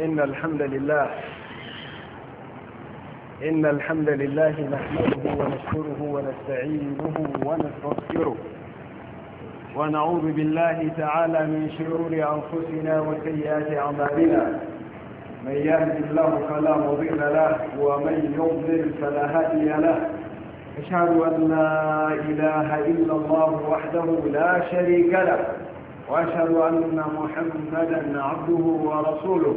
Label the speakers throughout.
Speaker 1: إن الحمد لله إن الحمد لله نحمده ونشكره ونستعينه ونستغفره ونعوذ بالله تعالى من شرور أنفسنا وسيئات أعمالنا من يهد الله فلا مضل له ومن يضلل فلا هادي له أشهد أن لا إله إلا الله وحده لا شريك له وأشهد أن محمدا عبده ورسوله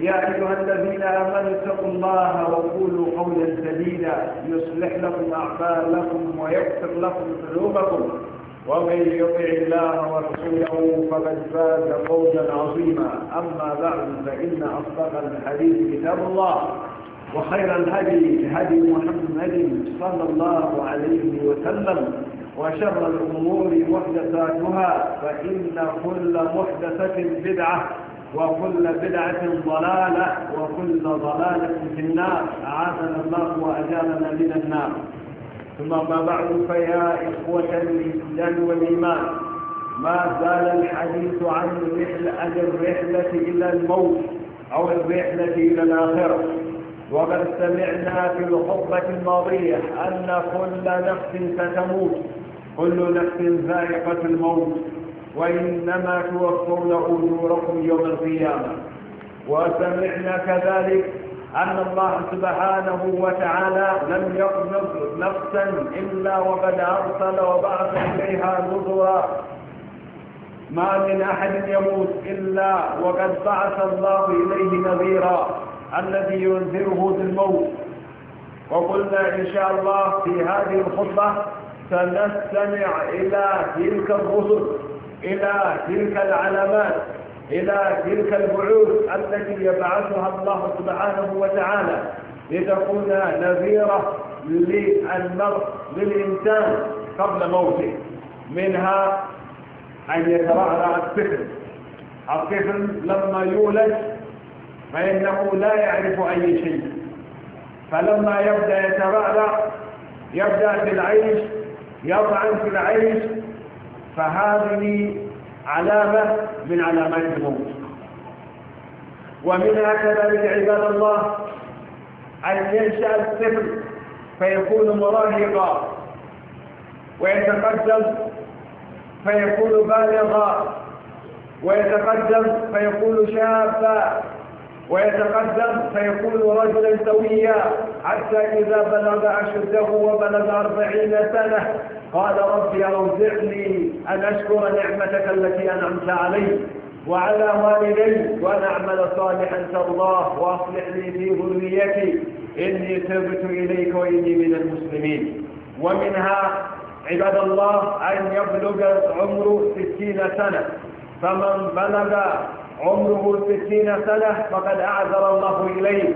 Speaker 1: يا أيها الذين آمنوا اتقوا الله وقولوا قولا سديدا يصلح لكم أعمالكم ويغفر لكم ذنوبكم ومن يطع الله ورسوله فقد فاز فوزا عظيما أما بعد فإن أصدق الحديث كتاب الله وخير الهدي هدي محمد صلى الله عليه وسلم وشر الأمور محدثاتها فإن كل محدثة بدعة وكل بدعة ضلالة وكل ضلالة في النار أعاذنا الله وأجارنا من النار ثم ما بعد فيا إخوة الإسلام والإيمان ما زال الحديث عن الرحلة إلى الموت أو الرحلة إلى الآخرة وقد سمعنا في الخطبة الماضية أن كل نفس ستموت كل نفس ذائقة الموت وإنما توفون أجوركم يوم القيامة وسمعنا كذلك أن الله سبحانه وتعالى لم يقبض نفسا إلا وقد أرسل وبعث إليها نذرا ما من أحد يموت إلا وقد بعث الله إليه نذيرا الذي ينذره بالموت وقلنا إن شاء الله في هذه الخطبة سنستمع إلى تلك الرسل إلى تلك العلامات إلى تلك البعوث التي يبعثها الله سبحانه وتعالى لتكون نذيرة للمرء للإنسان قبل موته منها أن يترعرع الطفل الطفل لما يولد فإنه لا يعرف أي شيء فلما يبدأ يترعرع يبدأ في العيش يطعن في العيش فهذه علامة من علامات الموت ومنها كذلك عباد الله أن ينشأ الطفل فيكون مراهقا ويتقدم فيكون بالغا ويتقدم فيكون شابا ويتقدم فيكون رجلا سويا حتى إذا بلغ أشده وبلغ أربعين سنة قال ربي أوزعني أن أشكر نعمتك التي أنعمت علي وعلى والدي وأن أعمل صالحا ترضاه وأصلح لي في ذريتي إني تبت إليك وإني من المسلمين ومنها عباد الله أن يبلغ العمر ستين سنة فمن بلغ عمره ستين سنة فقد أعذر الله إليه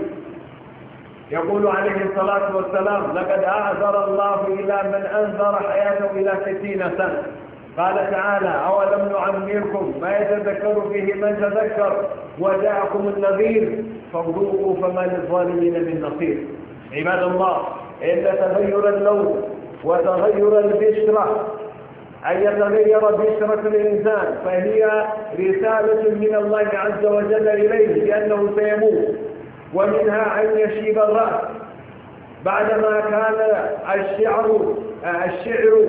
Speaker 1: يقول عليه الصلاة والسلام لقد أعذر الله إلى من أنذر حياته إلى ستين سنة قال تعالى أولم نعمركم ما يتذكر فيه من تذكر وجاءكم النذير فاغذوقوا فما للظالمين من نصير عباد الله إن تغير اللون وتغير البشرة أن يتغير بشرة الإنسان فهي رسالة من الله عز وجل إليه لأنه سيموت ومنها أن يشيب الرأس بعدما كان الشعر الشعر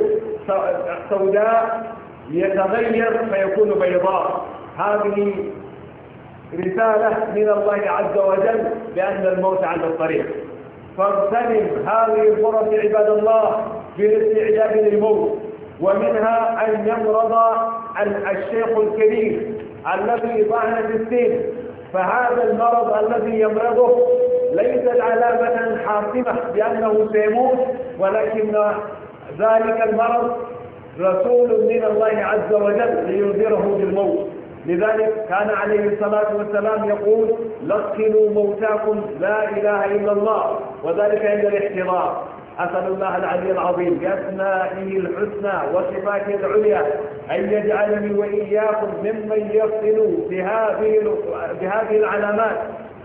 Speaker 1: سوداء يتغير فيكون بيضاء هذه رسالة من الله عز وجل بأن الموت على الطريق فاغتنم هذه الفرص عباد الله في الاستعجاب للموت ومنها أن يمرض الشيخ الكبير الذي في السن فهذا المرض الذي يمرضه ليست علامة حاسمة بأنه سيموت ولكن ذلك المرض رسول من الله عز وجل لينذره بالموت لذلك كان عليه الصلاة والسلام يقول لقنوا موتاكم لا إله إلا الله وذلك عند الاحتضار أسأل الله العلي العظيم بأسمائه الحسنى وصفاته العليا أن يجعلني وإياكم ممن يصل بهذه بهذه العلامات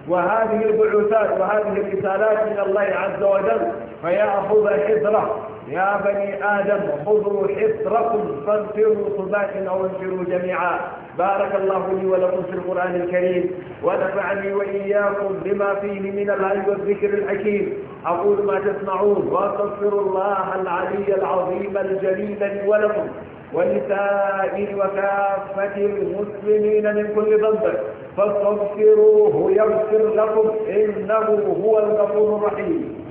Speaker 1: وهذه البعوثات وهذه الرسالات من الله عز وجل فيا أخذ حذره يا بني آدم خذوا حذركم فانفروا ثبات أو انفروا جميعا بارك الله لي ولكم في القرآن الكريم ونفعني وإياكم بما فيه من الهدي والذكر الحكيم أقول ما تسمعون وأستغفر الله العلي العظيم الجليل لي ولكم ولسائر وكافة المسلمين من كل ذنب فاستغفروه يغفر لكم إنه هو الغفور الرحيم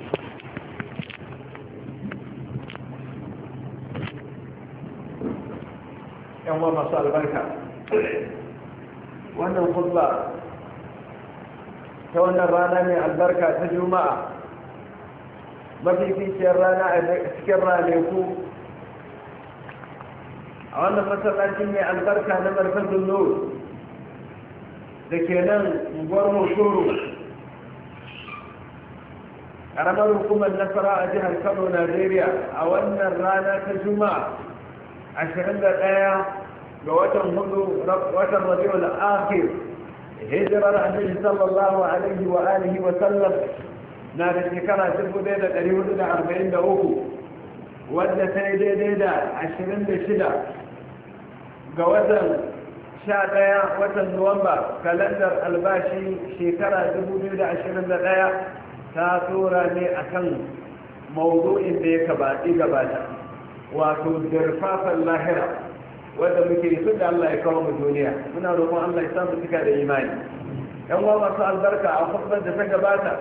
Speaker 1: yan wa masu albarka wannan khutba ta wannan rana البركة albarka ta ما في في شرنا شرنا يكون أنا مثلا أني عن بركة أنا مرفض النور لكن أنا مبر مشهور أنا ما رقم النفر أجه الكبر نيجيريا أو أن الرانا تجمع عشان ذا الآية لوتر هندو رب وتر ربيع الآخر هجر النبي صلى الله عليه وآله وسلم na da shekara 1443 wadda ta yi daidai da 26 ga watan 11 watan nuwamba kalandar albashi shekara 2021 ta tsora ne kan mawuzo'in da ya kabaɗi gabata wato dirfafan lahira wadda muke tun da Allah ya kawo mu duniya muna roƙon Allah ya samu cika da imani yan wa masu albarka a hukumar da ta gabata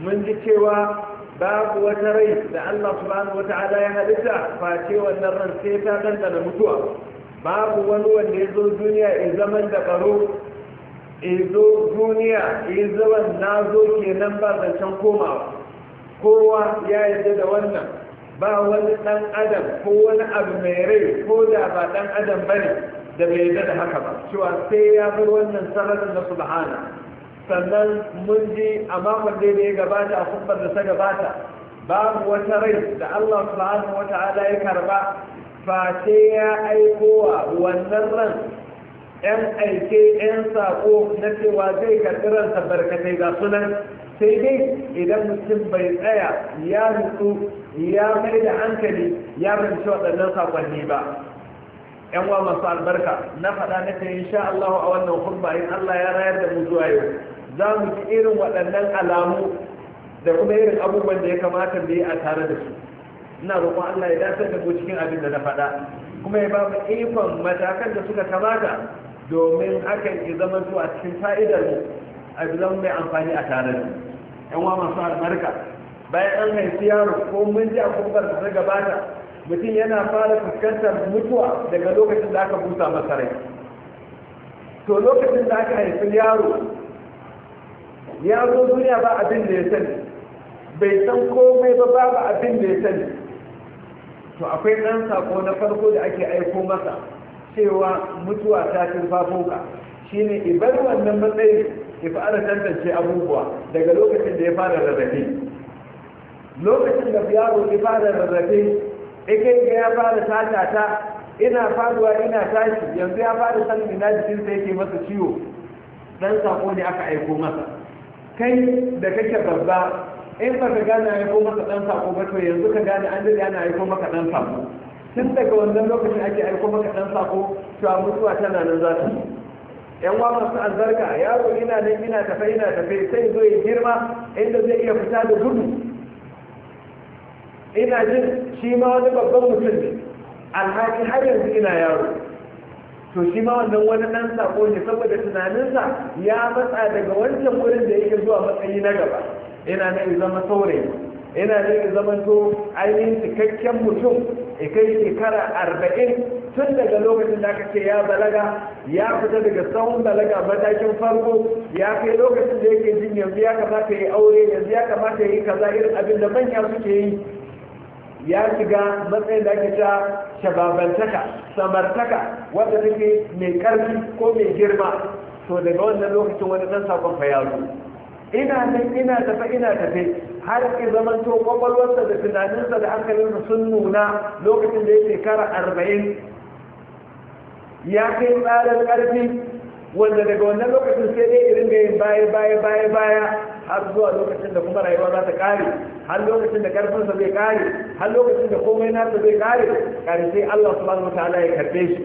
Speaker 1: mun ji cewa babu wata rai da Allah subhanahu wata'ala ya halitta face wannan ran sai ta dandana mutuwa babu wani wanda ya zo duniya ya zaman da karo ya zo duniya ya zaman na zo kenan ba zancen komawa kowa ya yarda da wannan ba wani dan adam ko wani abu mai rai ko da ba dan adam bane da bai yarda da haka ba cewa sai ya bar wannan sanarin na subhana sannan mun ji a makon da ya gabata a kubbar da ta gabata babu wata rai da Allah subhanahu wa ta'ala ya karba face ya aikowa wannan ran yan aike yan sako na cewa zai karɓi ransa barkatai ga sunan sai dai idan mutum bai tsaya ya nutsu ya mai da hankali ya rinci waɗannan sakonni ba yan wa masu albarka na faɗa nake insha Allah a wannan hurba in Allah ya rayar da mu zuwa yau za mu ci irin waɗannan alamu da kuma irin abubuwan da ya kamata mu yi a tare da su ina roƙon Allah ya dace da mu cikin abin da na faɗa kuma ya ba mu ikon matakan da suka kamata domin hakan ya zama a cikin fa'idar mu a zama mai amfani a tare da yan wa masu albarka bayan an haifi yaro ko mun ji abubuwan da ta gabata mutum yana fara fuskantar mutuwa daga lokacin da aka busa masa to lokacin da aka haifi yaro ya zo duniya ba abin da ya sani bai san komai ba ba abin da ya sani to akwai ɗan sako na farko da ake aiko masa cewa mutuwa ta turfafo ka shine ibar wannan matsayi ya fara tantance abubuwa daga lokacin da ya fara rarrafe lokacin da yaro ya fara rarrafe ikai ga ya fara tatata ina faruwa ina tashi yanzu ya fara sanin ina jikinsa yake masa ciwo dan sako ne aka aiko masa kai da kake babba in ba ka gane a aiko maka ɗan sako ba to yanzu ka gane an daɗe ana aiko maka ɗan sako tun daga wannan lokacin ake aiko maka ɗan sako to a mutuwa tana nan za ta yan wa masu albarka yaro ina nan ina tafe ina tafe sai zo ya girma inda zai iya fita da gudu ina jin shi ma wani babban mutum ne alhaki har yanzu ina yaro to shi ma wannan wani ɗan sako ne saboda tunaninsa ya matsa daga wancan wurin da yake zuwa matsayi na gaba ina nan zama saurayi ina yi zama zamanto ainihin cikakken mutum ya kai shekara arba'in tun daga lokacin da aka ce ya balaga ya fita daga tsawon balaga matakin farko ya kai lokacin da yake jin yanzu ya kamata ya yi aure yanzu ya kamata ya yi kaza irin abin da manya suke yi ya shiga matsayin da ake ta shababantaka samartaka wanda take mai karfi ko mai girma to daga wannan lokacin wani dan sakon fa yaro ina nan ina tafe ina tafe har ki zaman to kwakwalwarsa da tunaninsa da hankalinsa sun nuna lokacin da ya shekara arba'in ya kai tsarin karfi wanda daga wannan lokacin sai dai irin da yin baya baya baya baya har zuwa lokacin da kuma rayuwa za ta kare har lokacin da karfinsa zai kare har lokacin da komai nasa zai kare kare sai Allah subhanahu wataala ya karbe shi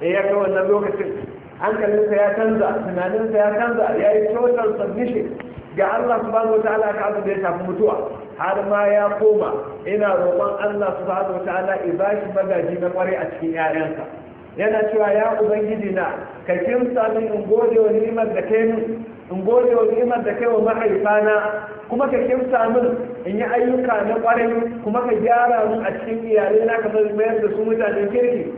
Speaker 1: eh ya wannan lokacin hankalinsa ya canza tunaninsa ya canza ya yi total submission ga Allah subhanahu wataala ka abin da ya tafi mutuwa har ma ya koma ina roƙon Allah subhanahu wataala ya bashi magaji na kware a cikin 'ya'yansa yana cewa ya ubangiji na ka kimsa min in gode wa ni'imar da kai in gode wa ni'imar da kai wa mahaifana kuma ka kimsa min in yi ayyuka na ƙwarai kuma ka gyara min a cikin iyalai na ka mayar da su mutanen kirki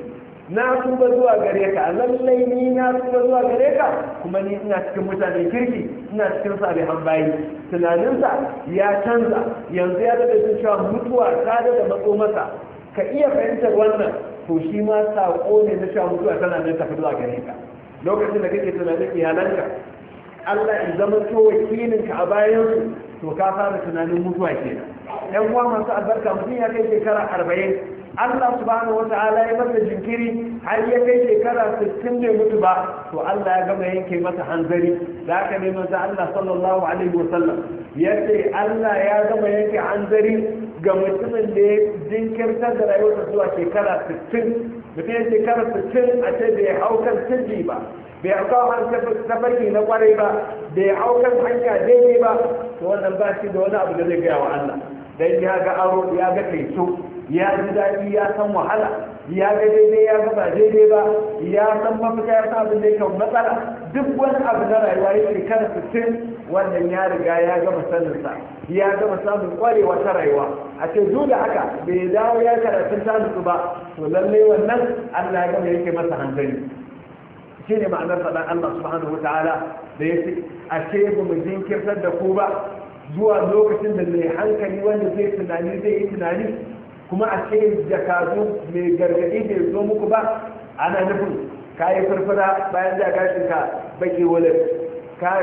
Speaker 1: na tuba zuwa gare ka lallai ni na tuba zuwa gare ka kuma ni ina cikin mutanen kirki ina cikin salihan bayi tunaninsa ya canza yanzu ya daga cin cewa mutuwa ta daga matso masa ka iya fahimtar wannan to shi ma saƙo ne na cewa mutuwa tana nan tafi zuwa gare ka lokacin da kake tunanin iyalanka Allah in zama to ka a su to ka fara tunanin mutuwa kenan yan uwa masu albarka mutum ya kai shekara arba'in Allah subhanahu wata'ala ya masa jinkiri har ya kai shekara 60 bai mutu ba to Allah ya gama yanke masa hanzari da aka ne manzo Allah sallallahu alaihi ya ce Allah ya gama yanke hanzari ga mutumin da ya jinkirta da rayuwarsa zuwa shekara 60 mutum ya shekara 60 a ce bai hau kan sirri ba bai auka wani tafarki na kwarai ba bai aukan hanya daidai ba to wannan ba shi da wani abu da zai gaya wa Allah dan ya ga aro ya ga kaito ya ji daɗi ya san wahala ya ga daidai ya ga ba daidai ba ya san mafita ya san abin da yake matsala duk wani abu na rayuwa yake shekara sittin wannan ya riga ya gama sa. ya gama samun kwarewa ta rayuwa a ce duk da haka bai dawo ya karatu ta nutsu ba to lallai wannan Allah ya gama yake masa hankali shi ne ma'anar faɗan Allah subhanahu wa ta'ala da ya ce a ce ba mu jinkirtar da ku ba zuwa lokacin da mai hankali wanda zai tunani zai yi tunani kuma a ce jakadu mai gargaɗi bai zo muku ba ana nufin ka yi farfara bayan da gashin ka baki wular ka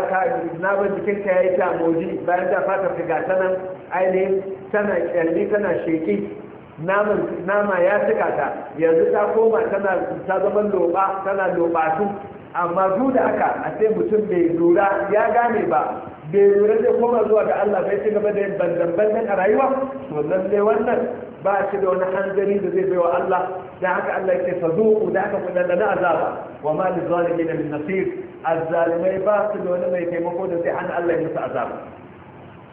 Speaker 1: na ban jikin ka yayi tamoji bayan da fatar ka ga nan ainihin tana kyalli tana sheki nama ya cika ta yanzu ta koma tana ta zama loba tana lobatu amma duk da aka a sai mutum bai lura ya gane ba bai lura zai koma zuwa ga Allah bai ci gaba da yin bandan bandan a rayuwa to lalle wannan ba shi da wani hanzari da zai bai wa Allah da haka Allah yake ku da aka kudan da azaba wa ma li zalimin min nasir azzalimai ba su da wani mai taimako da zai hana Allah ya musu azaba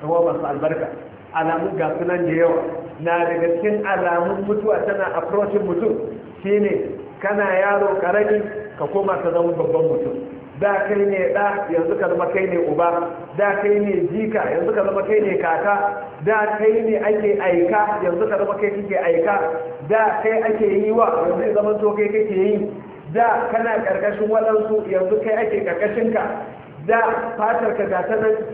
Speaker 1: ba masu albarka alamun gasunan da yawa na daga cikin alamun mutuwa tana approachin mutum shine kana yaro karami ka koma ka zama babban mutum da kai ne ɗa yanzu ka zama kai ne uba da kai ne jika yanzu ka zama kai ne kaka da kai ne ake aika yanzu ka zama kai kake aika da kai ake yi wa yanzu zaman to kai kake yi da kana karkashin waɗansu yanzu kai ake karkashinka da fatar ka ga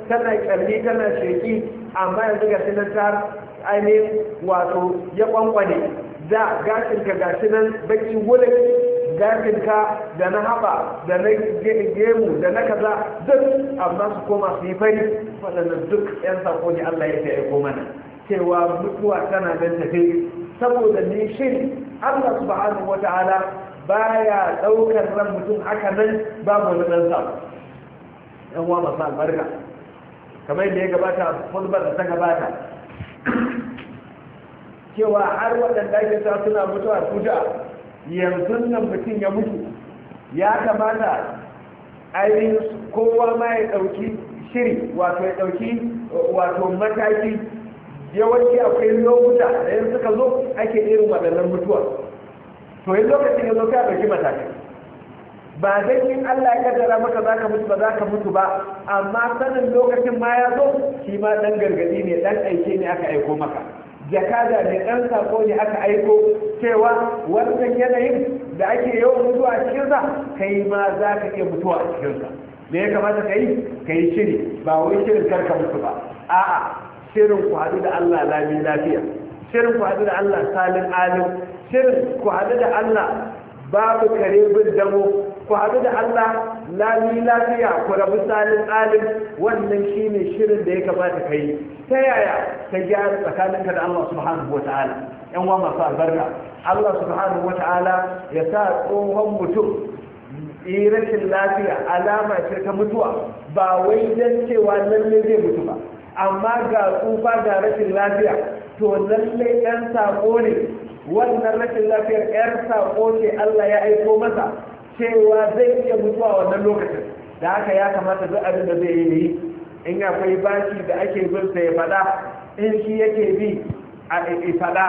Speaker 1: tana ƙarni tana sheki amma yanzu ga shi nan ta aine wato ya kwankwane da gashin ka ga nan baki wurin gashin ka da na haɓa da na gemu da na kaza duk amma su koma su yi fari waɗannan duk 'yan sako ne Allah ya ta mana cewa mutuwa tana nan tafi saboda ni shin Allah subhanahu wata'ala baya daukar ran mutum haka nan babu wani dan sako yan uwa masu albarka kamar yadda ya gabata fulbar da ta gabata cewa har waɗanda ake sa suna mutuwa kuta yanzu nan mutum ya mutu ya kamata ainihin kowa ma ya ɗauki shiri wato ya ɗauki wato mataki yawanci akwai lokuta da yanzu ka zo ake irin waɗannan mutuwa to yin lokacin ya zo ka ɗauki matakai ba zai in Allah ya kaddara maka zaka mutu ba zaka mutu ba amma sanin lokacin ma ya zo shi ma dan gargadi ne dan aike ne aka aiko maka Jaka da ne dan sako ne aka aiko cewa wannan yanayin da ake yau mutuwa a sa? kai ma za ka iya mutuwa a sa. me ya kamata ka yi shiri ba wai shirin karka mutu ba a'a shirin ku haɗu da Allah lami lafiya shirin ku haɗu da Allah salin alim shirin ku haɗu da Allah babu kare bin damo ku haɗu da Allah lami lafiya ku rabu salin alim wannan shine shirin da ya kamata ka yi ta yaya ta gyara tsakaninka da Allah subhanahu wa ta'ala yan wa masu albarka Allah subhanahu wa ta'ala ya sa tsohon mutum rashin lafiya alama ce ta mutuwa ba wai dan cewa lalle zai mutu ba amma ga tsufa ga rashin lafiya to lalle ɗan saƙo ne wannan rashin lafiyar 'yar saƙo ce Allah ya aiko masa cewa zai iya mutuwa wannan lokacin da haka ya kamata duk abin da zai yi in akwai bashi da ake bin ya fada in shi yake bi a fada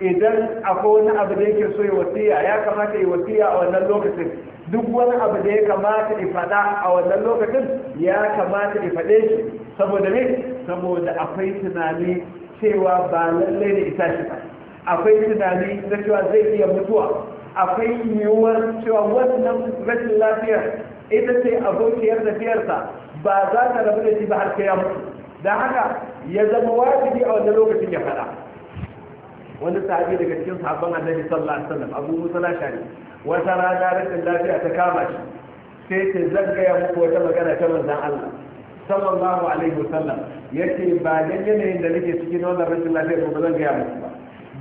Speaker 1: idan akwai wani abu da yake so ya wasiya ya kamata ya wasiya a wannan lokacin duk wani abu da ya kamata ya fada a wannan lokacin ya kamata ya fade shi saboda ne saboda akwai tunani cewa ba lallai ne isa shi ba akwai tunani na cewa zai iya mutuwa akwai yiwuwar cewa wannan rashin lafiyar ita ce abokiyar tafiyarsa ba za ta rabu da shi ba har sai ya mutu da haka ya zama wajibi a wannan lokacin ya faɗa wani sahabi daga cikin sahabban annabi sallallahu alaihi wasallam abu musa shari wata rana rashin lafiya ta kama shi sai ce zan gaya muku wata magana ta manzon Allah sallallahu alaihi wasallam yace ba dan yanayin da nake cikin wannan rashin lafiyar ba zan gaya muku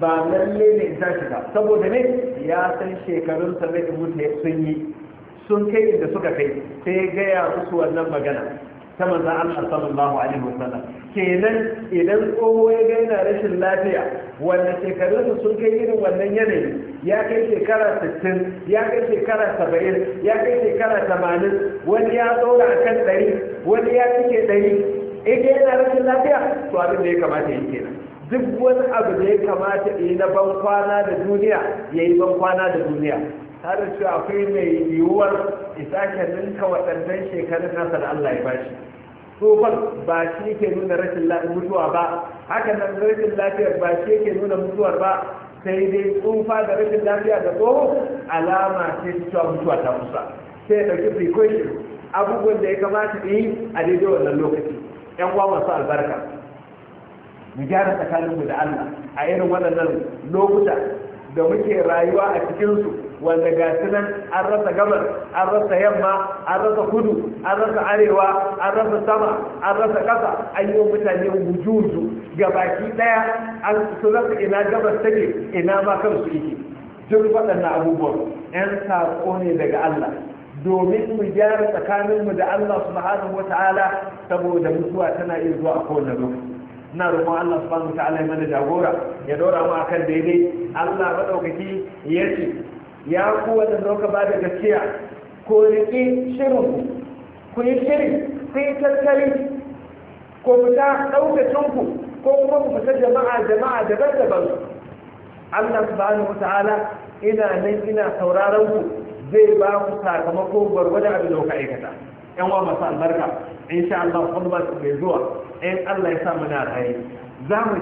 Speaker 1: ba ba lalle ne in tashi ba saboda ne ya san shekarun sa da mutu sun yi sun kai inda suka kai sai gaya musu wannan magana ta manzan Allah sallallahu alaihi wasallam kenan idan kowa ya ga yana rashin lafiya wanda su sun kai irin wannan yanayi ya kai shekara 60 ya kai shekara 70 ya kai shekara 80 wani ya tsora akan 100 wani ya cike 100 in yana rashin lafiya to abin da ya kamata yake kenan duk wani abu da ya kamata yi na ban da duniya ya yi ban da duniya har cewa akwai mai yiwuwar isa ke ninka waɗannan shekarun nasa Allah ya bashi tsohon ba shi ke nuna rashin mutuwa ba haka nan rashin lafiyar ba shi ke nuna mutuwar ba sai dai tsufa da rashin lafiya da tsoho alama ce cewa mutuwa ta kusa sai da kifi precaution abubuwan da ya kamata yi a daidai wannan lokaci yan uwa masu albarka mu gyara tsakaninmu da Allah a irin waɗannan lokuta da muke rayuwa a cikinsu wanda ga nan an rasa gabar an rasa yamma an rasa kudu an rasa arewa an rasa sama an rasa ƙasa an yi mutane wujuzu ga baki ɗaya an su rasa ina gabas take ina ma kansu yake duk waɗannan abubuwan 'yan saƙo ne daga Allah domin mu gyara tsakaninmu da Allah subhanahu wa ta'ala saboda mutuwa tana iya zuwa a kowane lokaci ina roƙon Allah subhanahu ta'ala ya mana jagora ya dora mu akan daidai Allah maɗaukaki ya ce ya ku wanda zauka ba da gaskiya ko riƙe shirin ku ku yi shiri ku yi tattali ko ta ɗaukacin ku ko kuma ku fita jama'a jama'a daban-daban Allah subhanahu ta'ala ina nan ina sauraron ku zai ba ku sakamako gwargwadon abin da kuka aikata yan wa masu albarka in sha Allah kuma mai zuwa in Allah ya sa na rai za mu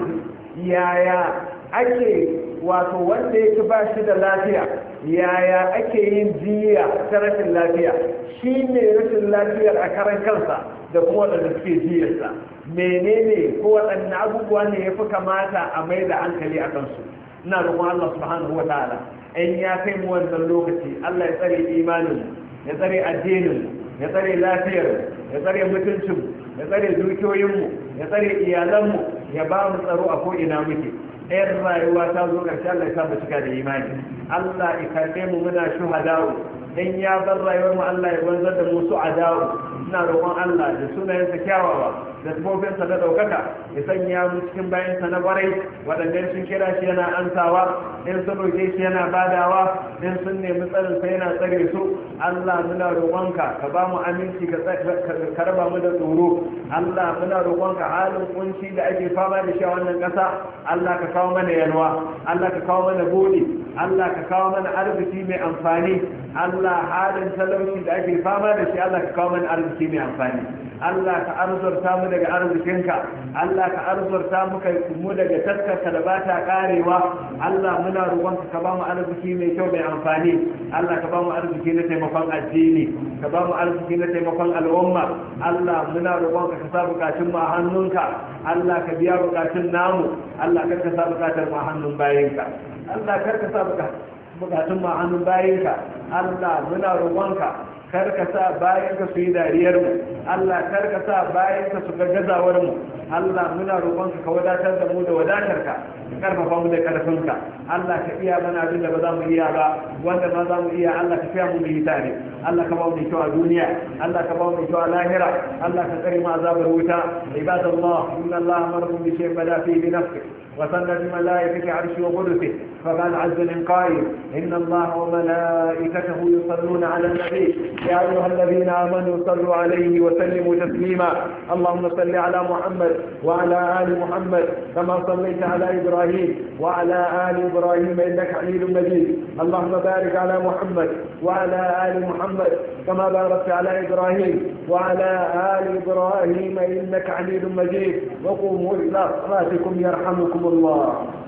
Speaker 1: ji yaya ake wato wanda yake ba shi da lafiya yaya ake yin jiya ta rashin lafiya shi ne rashin lafiyar a karan kansa da kuma da suke jiyarsa menene ko waɗanne abubuwa ne ya fi kamata a mai da hankali a kansu ina roƙon Allah subhanahu wa ta'ala in ya kai mu wannan lokaci Allah ya tsare imanin ya tsare addinin ya tsare lafiyar ya tsare mutuncin ya tsare dukiyoyinmu ya tsare iyalanmu ya ba mu tsaro a ko'ina muke ɗayan rayuwa ta zo ƙarshe Allah ya sa mu cika da imani Allah ya karɓe mu muna shuhada'u dan ya bar rayuwar mu Allah ya wanzar da mu su adawu ina roƙon Allah da sunayensa kyawawa da tufofinsa na ɗaukaka ya sanya mu cikin bayansa na barai waɗanda sun kira shi yana ansawa in sun roƙe shi yana badawa in sun nemi tsarinsa yana tsare su Allah muna roƙonka ka ba mu aminci ka raba mu da tsoro Allah muna roƙonka halin kunci da ake fama da shi a wannan ƙasa Allah ka kawo mana yanwa Allah ka kawo mana buɗi Allah ka kawo mana arziki mai amfani Allah Allah halin talauci da ake fama da shi Allah ka kawo mana arziki mai amfani Allah ka arzurta mu daga arzikinka Allah ka arzurta mu kai mu daga taskarka da bata karewa Allah muna roƙonka ka ba mu arziki mai kyau mai amfani Allah ka ba mu arziki na taimakon addini ka ba mu arziki na taimakon al'umma Allah muna roƙonka ka sa bukatun mu a hannunka Allah ka biya bukatun namu Allah kar ka sa bukatar mu a hannun bayinka Allah kar ka sa bukatun bukatun ma'anin bayinka allah muna roƙonka kar sa bayanka su yi dariyar mu Allah karka sa bayinka su ga mu Allah muna roƙonka ka wadatar da mu da wadatar ka karfafa mu da karfinka ka Allah ka iya mana abin da ba za mu iya ba wanda ba za mu iya Allah ka fiya mu mu yi tare Allah ka ba mu kyau a duniya Allah ka ba mu kyau a lahira Allah ka tsare mu azabar wuta ibadallah inna Allah بملائكة عرش وقدسه فقال عز من قائل إن الله وملائكته يصلون على النبي يا أيها الذين آمنوا صلوا عليه وسلموا تسليما اللهم صل على محمد وعلى آل محمد كما صليت على إبراهيم وعلى آل إبراهيم إنك حميد مجيد اللهم بارك على محمد وعلى آل محمد محمد كما باركت على إبراهيم وعلى آل إبراهيم إنك حميد مجيد وقوموا إلى صلاتكم يرحمكم الله